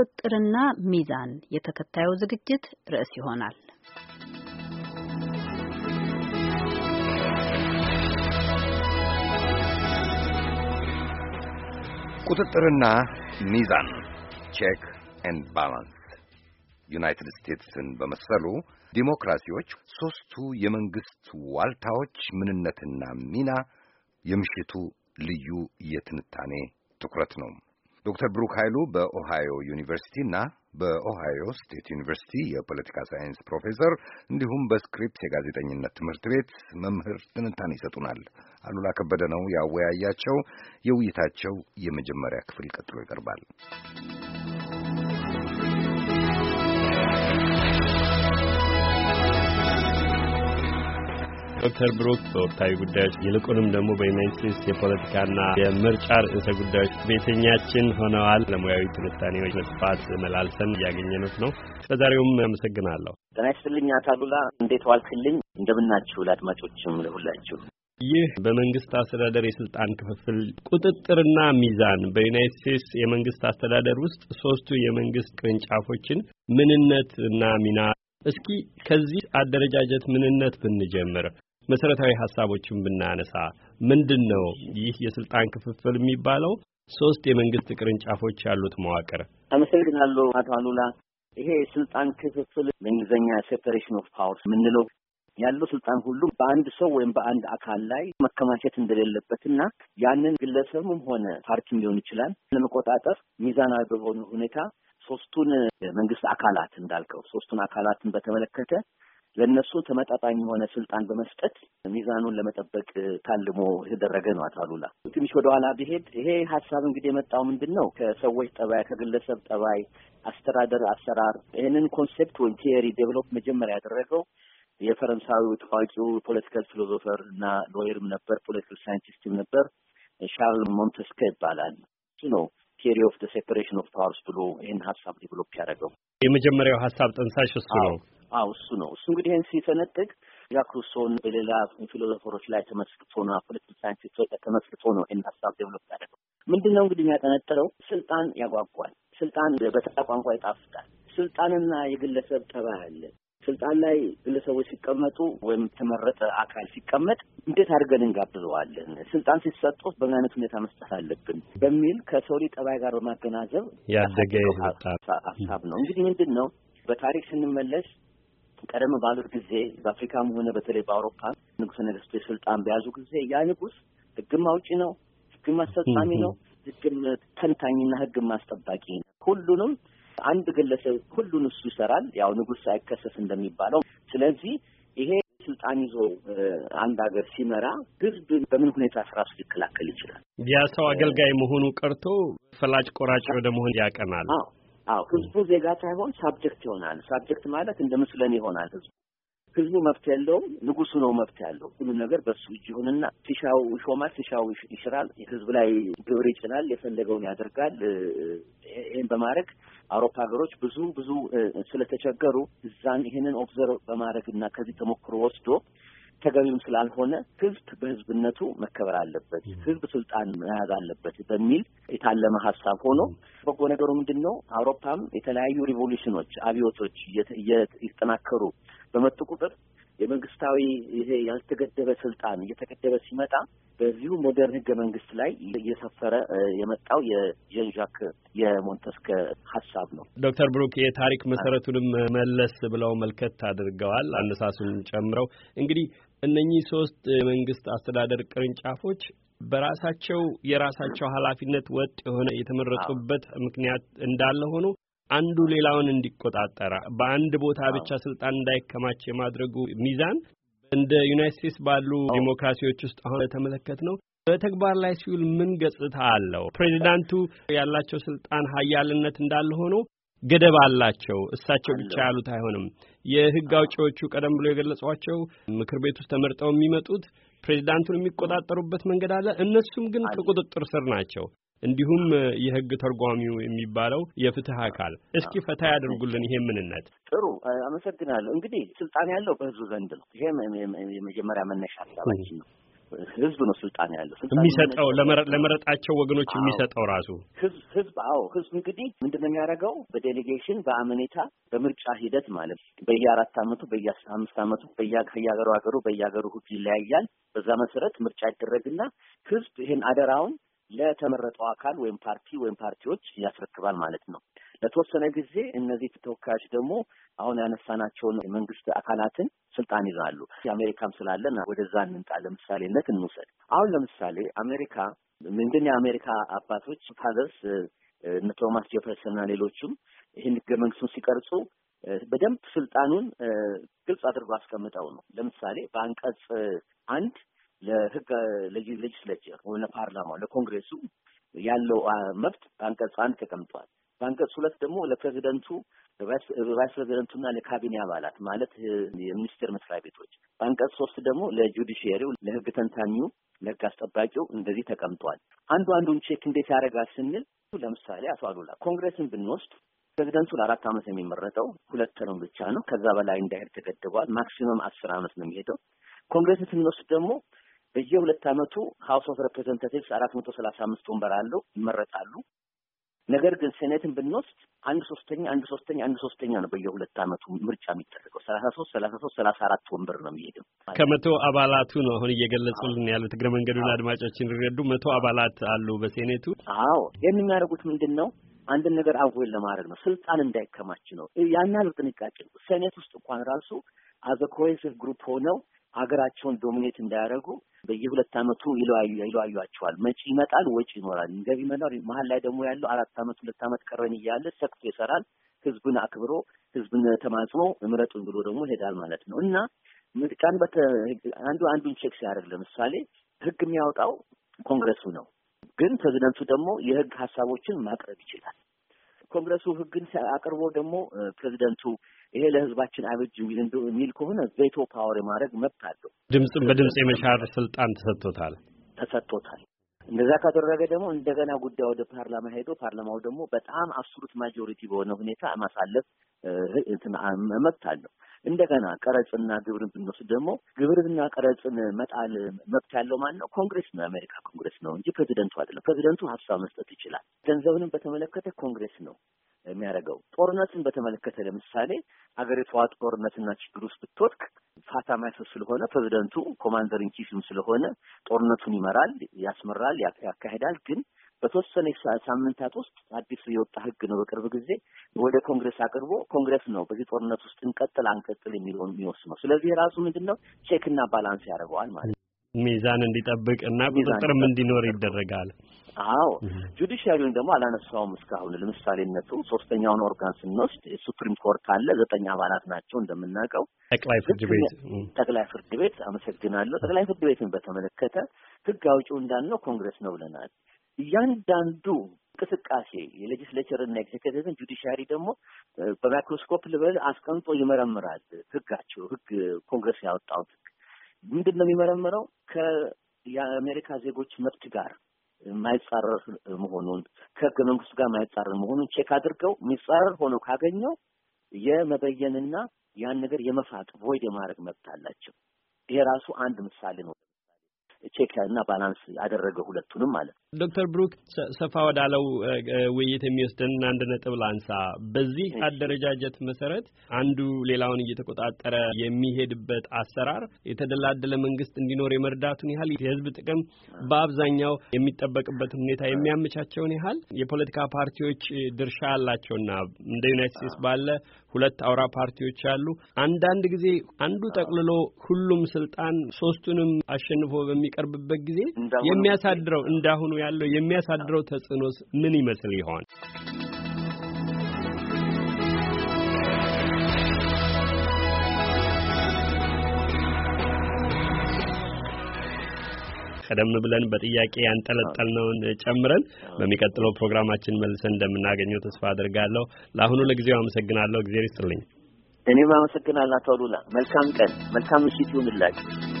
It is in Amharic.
ቁጥጥርና ሚዛን የተከታዩ ዝግጅት ርዕስ ይሆናል። ቁጥጥርና ሚዛን ቼክ ኤንድ ባላንስ ዩናይትድ ስቴትስን በመሰሉ ዲሞክራሲዎች ሦስቱ የመንግሥት ዋልታዎች ምንነትና ሚና የምሽቱ ልዩ የትንታኔ ትኩረት ነው። ዶክተር ብሩክ ኃይሉ በኦሃዮ እና በኦሃዮ ስቴት ዩኒቨርሲቲ የፖለቲካ ሳይንስ ፕሮፌሰር እንዲሁም በስክሪፕስ የጋዜጠኝነት ትምህርት ቤት መምህር ትንታኔ ይሰጡናል። አሉላ ከበደ ነው ያወያያቸው። የውይይታቸው የመጀመሪያ ክፍል ቀጥሎ ይቀርባል። ዶክተር ብሩክ በወቅታዊ ጉዳዮች ይልቁንም ደግሞ በዩናይትድ ስቴትስ የፖለቲካና የምርጫ ርዕሰ ጉዳዮች ቤተኛችን ሆነዋል። ለሙያዊ ትንታኔዎች መጽፋት መላልሰን እያገኘነት ነው። በዛሬውም አመሰግናለሁ። ጤና ይስጥልኝ አሉላ። እንዴት ዋልክልኝ? እንደምናችሁ ለአድማጮችም ለሁላችሁ። ይህ በመንግስት አስተዳደር የስልጣን ክፍፍል ቁጥጥርና ሚዛን በዩናይትድ ስቴትስ የመንግስት አስተዳደር ውስጥ ሶስቱ የመንግስት ቅርንጫፎችን ምንነት እና ሚና እስኪ ከዚህ አደረጃጀት ምንነት ብንጀምር መሰረታዊ ሀሳቦችን ብናነሳ ምንድን ነው ይህ የስልጣን ክፍፍል የሚባለው? ሶስት የመንግስት ቅርንጫፎች ያሉት መዋቅር። አመሰግናለሁ አቶ አሉላ። ይሄ የስልጣን ክፍፍል በእንግሊዝኛ ሴፐሬሽን ኦፍ ፓወርስ የምንለው ያለው ስልጣን ሁሉ በአንድ ሰው ወይም በአንድ አካል ላይ መከማቸት እንደሌለበትና ያንን ግለሰብም ሆነ ፓርቲም ሊሆን ይችላል ለመቆጣጠር ሚዛናዊ በሆኑ ሁኔታ ሶስቱን የመንግስት አካላት እንዳልከው ሶስቱን አካላትን በተመለከተ ለእነሱ ተመጣጣኝ የሆነ ስልጣን በመስጠት ሚዛኑን ለመጠበቅ ታልሞ የተደረገ ነው። አቶ አሉላ ትንሽ ወደ ኋላ ብሄድ ይሄ ሀሳብ እንግዲህ የመጣው ምንድን ነው ከሰዎች ጠባይ፣ ከግለሰብ ጠባይ፣ አስተዳደር፣ አሰራር ይህንን ኮንሴፕት ወይም ቲየሪ ዴቨሎፕ መጀመሪያ ያደረገው የፈረንሳዊ ታዋቂው ፖለቲካል ፊሎዞፈር እና ሎየርም ነበር፣ ፖለቲካል ሳይንቲስትም ነበር። ሻርል ሞንተስከ ይባላል። እሱ ነው ቴሪ ኦፍ ሴፐሬሽን ኦፍ ፓወርስ ብሎ ይህን ሀሳብ ዴቨሎፕ ያደረገው የመጀመሪያው ሀሳብ ጠንሳሽ እሱ ነው። አዎ እሱ ነው። እሱ እንግዲህ ይህን ሲፈነጥቅ ዣክ ሩሶን በሌላ ፊሎዞፈሮች ላይ ተመስርቶ ነው ፖለቲካል ሳይንቲስቶች ተመስርቶ ነው ይህን ሀሳብ ዴቨሎፕ ያደረገው። ምንድን ነው እንግዲህ የሚያጠነጥረው ስልጣን ያጓጓል። ስልጣን በተራ ቋንቋ ይጣፍጣል። ስልጣንና የግለሰብ ጠባይ አለ። ስልጣን ላይ ግለሰቦች ሲቀመጡ ወይም የተመረጠ አካል ሲቀመጥ እንዴት አድርገን እንጋብዘዋለን? ስልጣን ሲሰጡ በምን አይነት ሁኔታ መስጠት አለብን? በሚል ከሰው ልጅ ጠባይ ጋር በማገናዘብ ያደገ ሀሳብ ነው። እንግዲህ ምንድን ነው በታሪክ ስንመለስ ቀደም ባሉት ጊዜ በአፍሪካም ሆነ በተለይ በአውሮፓ ንጉሰ ነገሥቱ ስልጣን በያዙ ጊዜ ያ ንጉስ ህግ አውጪ ነው፣ ህግ አስፈጻሚ ነው፣ ሕግም ተንታኝና ህግ አስጠባቂ ነው። ሁሉንም አንድ ግለሰብ ሁሉን እሱ ይሰራል። ያው ንጉስ አይከሰስ እንደሚባለው። ስለዚህ ይሄ ስልጣን ይዞ አንድ ሀገር ሲመራ ህዝብ በምን ሁኔታ ስራሱ ሊከላከል ይችላል? ያ ሰው አገልጋይ መሆኑ ቀርቶ ፈላጭ ቆራጭ ወደ መሆን ያቀናል። አዎ ህዝቡ ዜጋ ሳይሆን ሳብጀክት ይሆናል። ሳብጀክት ማለት እንደ ምስለን ይሆናል። ህዝቡ ህዝቡ መብት የለውም፣ ንጉሱ ነው መብት ያለው። ሁሉ ነገር በሱ እጅ ይሁንና ሲሻው ይሾማል፣ ሲሻው ይሽራል፣ ህዝብ ላይ ግብር ይጭናል፣ የፈለገውን ያደርጋል። ይህን በማድረግ አውሮፓ ሀገሮች ብዙ ብዙ ስለተቸገሩ እዛን ይህንን ኦብዘርቭ በማድረግ እና ከዚህ ተሞክሮ ወስዶ ተገቢም ስላልሆነ ህዝብ በህዝብነቱ መከበር አለበት፣ ህዝብ ስልጣን መያዝ አለበት በሚል የታለመ ሀሳብ ሆኖ በጎ ነገሩ ምንድን ነው? አውሮፓም የተለያዩ ሪቮሉሽኖች፣ አብዮቶች እየተጠናከሩ በመጡ ቁጥር የመንግስታዊ ይሄ ያልተገደበ ስልጣን እየተገደበ ሲመጣ በዚሁ ሞደርን ህገ መንግስት ላይ እየሰፈረ የመጣው የዣን ዣክ የሞንተስከ ሀሳብ ነው። ዶክተር ብሩክ የታሪክ መሰረቱንም መለስ ብለው መልከት አድርገዋል አነሳሱን ጨምረው እንግዲህ እነኚህ ሶስት የመንግስት አስተዳደር ቅርንጫፎች በራሳቸው የራሳቸው ኃላፊነት ወጥ የሆነ የተመረጡበት ምክንያት እንዳለ ሆኖ አንዱ ሌላውን እንዲቆጣጠራ በአንድ ቦታ ብቻ ስልጣን እንዳይከማች የማድረጉ ሚዛን እንደ ዩናይት ስቴትስ ባሉ ዲሞክራሲዎች ውስጥ አሁን የተመለከት ነው። በተግባር ላይ ሲውል ምን ገጽታ አለው? ፕሬዚዳንቱ ያላቸው ስልጣን ሀያልነት እንዳለ ሆኖ ገደብ አላቸው። እሳቸው ብቻ ያሉት አይሆንም። የህግ አውጪዎቹ ቀደም ብሎ የገለጿቸው ምክር ቤት ውስጥ ተመርጠው የሚመጡት ፕሬዚዳንቱን የሚቆጣጠሩበት መንገድ አለ። እነሱም ግን ከቁጥጥር ስር ናቸው። እንዲሁም የህግ ተርጓሚው የሚባለው የፍትህ አካል እስኪ ፈታ ያደርጉልን ይሄ ምንነት። ጥሩ አመሰግናለሁ። እንግዲህ ስልጣን ያለው በህዝብ ዘንድ ነው። ይሄ የመጀመሪያ መነሻ ሀሳባችን ነው። ህዝብ ነው ስልጣን ያለው ስልጣን የሚሰጠው ለመረጣቸው ወገኖች የሚሰጠው ራሱ ህዝብ ህዝብ አዎ ህዝብ እንግዲህ ምንድን ነው የሚያደርገው በዴሌጌሽን በአመኔታ በምርጫ ሂደት ማለት በየአራት አመቱ በየአምስት አመቱ በየሀገሩ ሀገሩ በየሀገሩ ህግ ይለያያል በዛ መሰረት ምርጫ ይደረግና ህዝብ ይህን አደራውን ለተመረጠው አካል ወይም ፓርቲ ወይም ፓርቲዎች ያስረክባል ማለት ነው ለተወሰነ ጊዜ እነዚህ ተወካዮች ደግሞ አሁን ያነሳናቸውን የመንግስት አካላትን ስልጣን ይዛሉ። አሜሪካም ስላለን ወደዛ እንምጣ። ለምሳሌነት እንውሰድ። አሁን ለምሳሌ አሜሪካ ምንድን የአሜሪካ አባቶች ፋዘርስ እነ ቶማስ ጄፈርሰንና ሌሎቹም ይህን ህገ መንግስቱን ሲቀርጹ በደንብ ስልጣኑን ግልጽ አድርጎ አስቀምጠው ነው። ለምሳሌ በአንቀጽ አንድ ለህገ ሌጅስሌቸር ወይ ለፓርላማው ለኮንግሬሱ ያለው መብት በአንቀጽ አንድ ተቀምጧል። በአንቀጽ ሁለት ደግሞ ለፕሬዚደንቱ ቫይስ ፕሬዚደንቱና ለካቢኔ አባላት ማለት የሚኒስቴር መስሪያ ቤቶች፣ በአንቀጽ ሶስት ደግሞ ለጁዲሽየሪው፣ ለህግ ተንታኙ፣ ለህግ አስጠባቂው እንደዚህ ተቀምጧል። አንዱ አንዱን ቼክ እንዴት ያደርጋል ስንል ለምሳሌ አቶ አሉላ ኮንግሬስን ብንወስድ ፕሬዚደንቱ ለአራት ዓመት የሚመረጠው ሁለት ተርም ብቻ ነው። ከዛ በላይ እንዳይሄድ ተገድቧል። ማክሲመም አስር ዓመት ነው የሚሄደው። ኮንግረስን ስንወስድ ደግሞ በየሁለት ዓመቱ ሀውስ ኦፍ ሬፕሬዘንታቲቭስ አራት መቶ ሰላሳ አምስት ወንበር አለው ይመረጣሉ። ነገር ግን ሴኔትን ብንወስድ አንድ ሶስተኛ አንድ ሶስተኛ አንድ ሶስተኛ ነው በየሁለት አመቱ ምርጫ የሚደረገው። ሰላሳ ሶስት ሰላሳ ሶስት ሰላሳ አራት ወንበር ነው የሚሄድም ከመቶ አባላቱ ነው አሁን እየገለጹልን ያሉት እግረ መንገዱን አድማጮችን ሊረዱ መቶ አባላት አሉ በሴኔቱ። አዎ ይህን የሚያደርጉት ምንድን ነው? አንድን ነገር አጎል ለማድረግ ነው። ስልጣን እንዳይከማች ነው። ያን ያህል ጥንቃቄ ሴኔት ውስጥ እንኳን ራሱ አዘ ኮሄሲቭ ግሩፕ ሆነው ሀገራቸውን ዶሚኔት እንዳያደርጉ በየሁለት አመቱ ይለዋዩቸዋል። መጪ ይመጣል፣ ወጪ ይኖራል፣ ገቢ መኖር መሀል ላይ ደግሞ ያለው አራት አመት ሁለት አመት ቀረን እያለ ሰክቶ ይሰራል። ህዝብን አክብሮ ህዝብን ተማጽኖ እምረጡን ብሎ ደግሞ ይሄዳል ማለት ነው እና ምርጫን አንዱ አንዱን ቼክ ሲያደርግ ለምሳሌ ህግ የሚያወጣው ኮንግረሱ ነው፣ ግን ፕሬዚደንቱ ደግሞ የህግ ሀሳቦችን ማቅረብ ይችላል። ኮንግረሱ ህግን አቅርቦ ደግሞ ፕሬዚደንቱ ይሄ ለህዝባችን አበጅ የሚል ከሆነ ቬቶ ፓወር የማድረግ መብት አለው። ድምፅም በድምፅ የመሻር ስልጣን ተሰጥቶታል ተሰጥቶታል። እንደዛ ካደረገ ደግሞ እንደገና ጉዳይ ወደ ፓርላማ ሄዶ ፓርላማው ደግሞ በጣም አብሶሉት ማጆሪቲ በሆነ ሁኔታ ማሳለፍ መብት አለው። እንደገና ቀረጽና ግብርን ብንወስድ ደግሞ ግብርና ቀረጽን መጣል መብት ያለው ማን ነው? ኮንግሬስ ነው፣ የአሜሪካ ኮንግሬስ ነው እንጂ ፕሬዚደንቱ አይደለም። ፕሬዚደንቱ ሀሳብ መስጠት ይችላል። ገንዘብንም በተመለከተ ኮንግሬስ ነው የሚያደርገው። ጦርነትን በተመለከተ ለምሳሌ አገሪቷ ጦርነትና ችግር ውስጥ ብትወድቅ ፋታ ማይሰው ስለሆነ ፕሬዚደንቱ ኮማንደር ኢንቺፍም ስለሆነ ጦርነቱን ይመራል፣ ያስመራል፣ ያካሄዳል ግን በተወሰነ ሳምንታት ውስጥ አዲስ የወጣ ህግ ነው። በቅርብ ጊዜ ወደ ኮንግረስ አቅርቦ ኮንግረስ ነው በዚህ ጦርነት ውስጥ እንቀጥል አንቀጥል የሚለውን የሚወስነው። ስለዚህ ራሱ ምንድን ነው ቼክና ባላንስ ያደርገዋል ማለት ነው። ሚዛን እንዲጠብቅ እና ቁጥጥርም እንዲኖር ይደረጋል። አዎ ጁዲሻሪውን ደግሞ አላነሳውም እስካሁን። ለምሳሌነቱ ሶስተኛውን ኦርጋን ስንወስድ ሱፕሪም ኮርት አለ። ዘጠኝ አባላት ናቸው እንደምናውቀው። ጠቅላይ ፍርድ ቤት ጠቅላይ ፍርድ ቤት አመሰግናለሁ። ጠቅላይ ፍርድ ቤትን በተመለከተ ህግ አውጪው እንዳልነው ኮንግረስ ነው ብለናል። እያንዳንዱ እንቅስቃሴ የሌጅስሌቸርና ኤግዜኪቲቭን ጁዲሻሪ ደግሞ በማይክሮስኮፕ ልበል አስቀምጦ ይመረምራል። ህጋቸው ህግ ኮንግረስ ያወጣውን ህግ ምንድን ነው የሚመረምረው? ከየአሜሪካ ዜጎች መብት ጋር የማይጻረር መሆኑን ከህገ መንግስቱ ጋር የማይጻረር መሆኑን ቼክ አድርገው የሚጻረር ሆኖ ካገኘው የመበየንና ያን ነገር የመፋቅ ቮይድ የማድረግ መብት አላቸው። ይሄ ራሱ አንድ ምሳሌ ነው። ቼክ እና ባላንስ ያደረገ ሁለቱንም ማለት ነው። ዶክተር ብሩክ ሰፋ ወዳለው ውይይት የሚወስደን አንድ ነጥብ ላንሳ። በዚህ አደረጃጀት መሰረት አንዱ ሌላውን እየተቆጣጠረ የሚሄድበት አሰራር የተደላደለ መንግስት እንዲኖር የመርዳቱን ያህል የህዝብ ጥቅም በአብዛኛው የሚጠበቅበትን ሁኔታ የሚያመቻቸውን ያህል የፖለቲካ ፓርቲዎች ድርሻ አላቸውና እንደ ዩናይት ስቴትስ ባለ ሁለት አውራ ፓርቲዎች አሉ። አንዳንድ ጊዜ አንዱ ጠቅልሎ ሁሉም ስልጣን ሶስቱንም አሸንፎ በሚቀርብበት ጊዜ የሚያሳድረው እንዳሁኑ ያለው የሚያሳድረው ተጽዕኖስ ምን ይመስል ይሆን? ቀደም ብለን በጥያቄ ያንጠለጠልነውን ጨምረን በሚቀጥለው ፕሮግራማችን መልሰን እንደምናገኘው ተስፋ አድርጋለሁ። ለአሁኑ ለጊዜው አመሰግናለሁ። እግዜር ይስጥልኝ። እኔም አመሰግናለሁ አቶ አሉላ። መልካም ቀን፣ መልካም ምሽት ይሁንላችሁ።